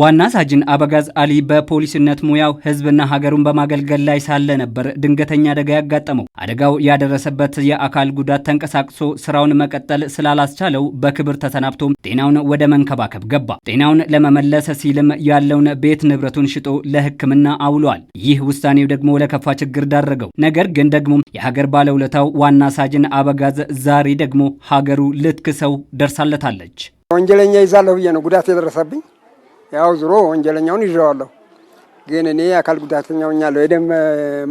ዋና ሳጅን አበጋዝ አሊ በፖሊስነት ሙያው ህዝብና ሀገሩን በማገልገል ላይ ሳለ ነበር ድንገተኛ አደጋ ያጋጠመው። አደጋው ያደረሰበት የአካል ጉዳት ተንቀሳቅሶ ስራውን መቀጠል ስላላስቻለው በክብር ተሰናብቶ ጤናውን ወደ መንከባከብ ገባ። ጤናውን ለመመለስ ሲልም ያለውን ቤት ንብረቱን ሽጦ ለሕክምና አውሏል። ይህ ውሳኔው ደግሞ ለከፋ ችግር ዳረገው። ነገር ግን ደግሞ የሀገር ባለውለታው ዋና ሳጅን አበጋዝ ዛሬ ደግሞ ሀገሩ ልትክሰው ደርሳለታለች። ወንጀለኛ ይዛለሁ ብዬ ነው ጉዳት የደረሰብኝ ያው ዝሮ ወንጀለኛውን ይዣዋለሁ። ግን እኔ አካል ጉዳተኛው ኛለሁ የደም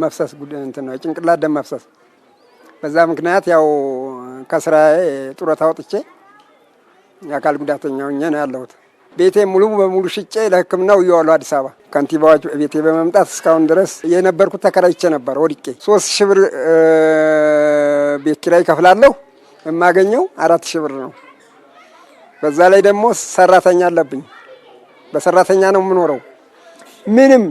መፍሰስ እንትን ነው የጭንቅላት ደም መፍሰስ። በዛ ምክንያት ያው ከስራ ጡረታ ወጥቼ የአካል ጉዳተኛው ኛ ነው ያለሁት። ቤቴ ሙሉ በሙሉ ሽጬ ለህክምና ውየዋለሁ አዲስ አበባ። ከንቲባዎች ቤቴ በመምጣት እስካሁን ድረስ የነበርኩት ተከራይቼ ነበር። ወድቄ ሶስት ሺህ ብር ቤት ኪራይ ከፍላለሁ። የማገኘው አራት ሺህ ብር ነው። በዛ ላይ ደግሞ ሰራተኛ አለብኝ። በሰራተኛ ነው የምኖረው። ምንም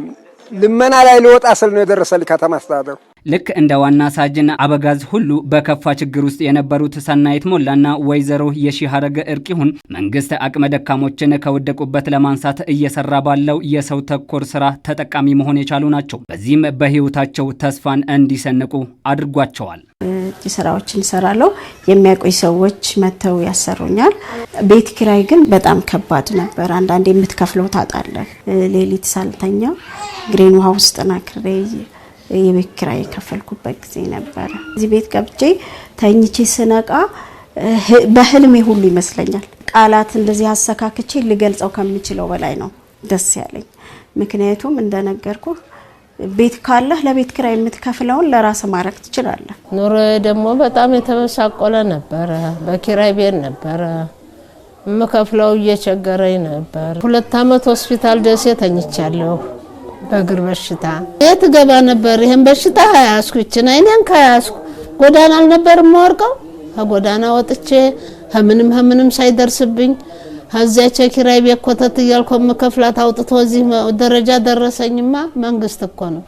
ልመና ላይ ልወጣ ስል ነው የደረሰልኝ ከተማ አስተዳደሩ። ልክ እንደ ዋና ሳጅን አበጋዝ ሁሉ በከፋ ችግር ውስጥ የነበሩት ሰናይት ሞላና ወይዘሮ የሺሀረግ ይሁን መንግስት አቅመ ደካሞችን ከወደቁበት ለማንሳት እየሰራ ባለው የሰው ተኮር ስራ ተጠቃሚ መሆን የቻሉ ናቸው። በዚህም በህይወታቸው ተስፋን እንዲሰንቁ አድርጓቸዋል። ስራዎችን እሰራለሁ። የሚያውቁኝ ሰዎች መጥተው ያሰሩኛል። ቤት ኪራይ ግን በጣም ከባድ ነበር። አንዳንዴ የምትከፍለው ታጣለህ። ሌሊት ሳልተኛ ግሬን ውሃ ውስጥ ናክሬ የቤት ኪራይ የከፈልኩበት ጊዜ ነበረ። እዚህ ቤት ገብቼ ተኝቼ ስነቃ በህልሜ ሁሉ ይመስለኛል። ቃላት እንደዚህ አሰካክቼ ልገልጸው ከምችለው በላይ ነው ደስ ያለኝ። ምክንያቱም እንደነገርኩ ቤት ካለህ ለቤት ኪራይ የምትከፍለውን ለራስ ማድረግ ትችላለህ። ኑሮ ደግሞ በጣም የተበሳቆለ ነበረ። በኪራይ ቤት ነበረ የምከፍለው፣ እየቸገረኝ ነበር። ሁለት ዓመት ሆስፒታል ደሴ ተኝቻለሁ። በእግር በሽታ የት ገባ ነበር። ይህን በሽታ ያስኩ ይችን አይኔን ከያዝኩ ጎዳና አልነበር የምወርቀው። ከጎዳና ወጥቼ ከምንም ከምንም ሳይደርስብኝ ከዚያች ኪራይ ቤት ኮተት እያልኩ የምከፍላት አውጥቶ እዚህ ደረጃ ደረሰኝማ። መንግስት እኮ ነው።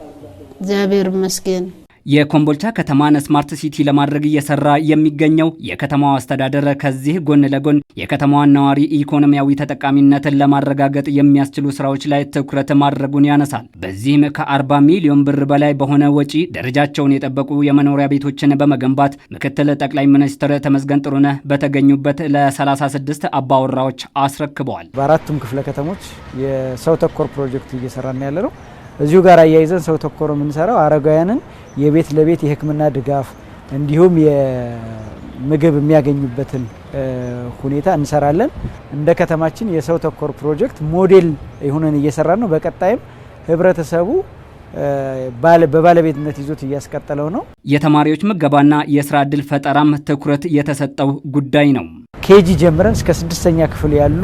እግዚአብሔር ይመስገን። የኮምቦልቻ ከተማን ስማርት ሲቲ ለማድረግ እየሰራ የሚገኘው የከተማዋ አስተዳደር ከዚህ ጎን ለጎን የከተማዋን ነዋሪ ኢኮኖሚያዊ ተጠቃሚነትን ለማረጋገጥ የሚያስችሉ ስራዎች ላይ ትኩረት ማድረጉን ያነሳል። በዚህም ከ40 ሚሊዮን ብር በላይ በሆነ ወጪ ደረጃቸውን የጠበቁ የመኖሪያ ቤቶችን በመገንባት ምክትል ጠቅላይ ሚኒስትር ተመስገን ጥሩነህ በተገኙበት ለ36 አባወራዎች አስረክበዋል። በአራቱም ክፍለ ከተሞች የሰው ተኮር ፕሮጀክት እየሰራ ያለ ነው። እዚሁ ጋር አያይዘን ሰው ተኮር የምንሰራው አረጋውያንን የቤት ለቤት የሕክምና ድጋፍ እንዲሁም የምግብ የሚያገኙበትን ሁኔታ እንሰራለን። እንደ ከተማችን የሰው ተኮር ፕሮጀክት ሞዴል የሆነን እየሰራን ነው። በቀጣይም ህብረተሰቡ በባለቤትነት ይዞት እያስቀጠለው ነው። የተማሪዎች ምገባና የስራ እድል ፈጠራም ትኩረት የተሰጠው ጉዳይ ነው። ኬጂ ጀምረን እስከ ስድስተኛ ክፍል ያሉ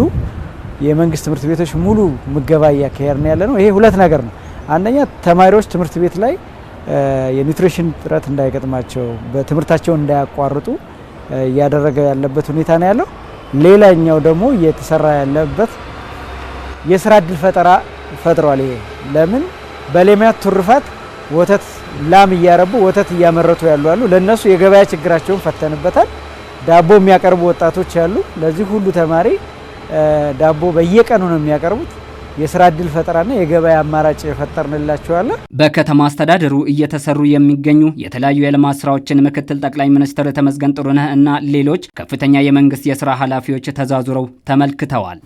የመንግስት ትምህርት ቤቶች ሙሉ ምገባ እያካሄድ ነው ያለ ነው። ይሄ ሁለት ነገር ነው። አንደኛ ተማሪዎች ትምህርት ቤት ላይ የኒትሪሽን ጥረት እንዳይገጥማቸው በትምህርታቸውን እንዳያቋርጡ እያደረገ ያለበት ሁኔታ ነው ያለው። ሌላኛው ደግሞ እየተሰራ ያለበት የስራ እድል ፈጠራ ፈጥሯል። ይሄ ለምን በሌማት ቱርፋት ወተት ላም እያረቡ ወተት እያመረቱ ያሉ አሉ። ለእነሱ የገበያ ችግራቸውን ፈተንበታል። ዳቦ የሚያቀርቡ ወጣቶች አሉ። ለዚህ ሁሉ ተማሪ ዳቦ በየቀኑ ነው የሚያቀርቡት። የስራ እድል ፈጠራና የገበያ አማራጭ የፈጠርንላቸዋለን። በከተማ አስተዳደሩ እየተሰሩ የሚገኙ የተለያዩ የልማት ስራዎችን ምክትል ጠቅላይ ሚኒስትር ተመስገን ጥሩነህ እና ሌሎች ከፍተኛ የመንግስት የስራ ኃላፊዎች ተዛዙረው ተመልክተዋል።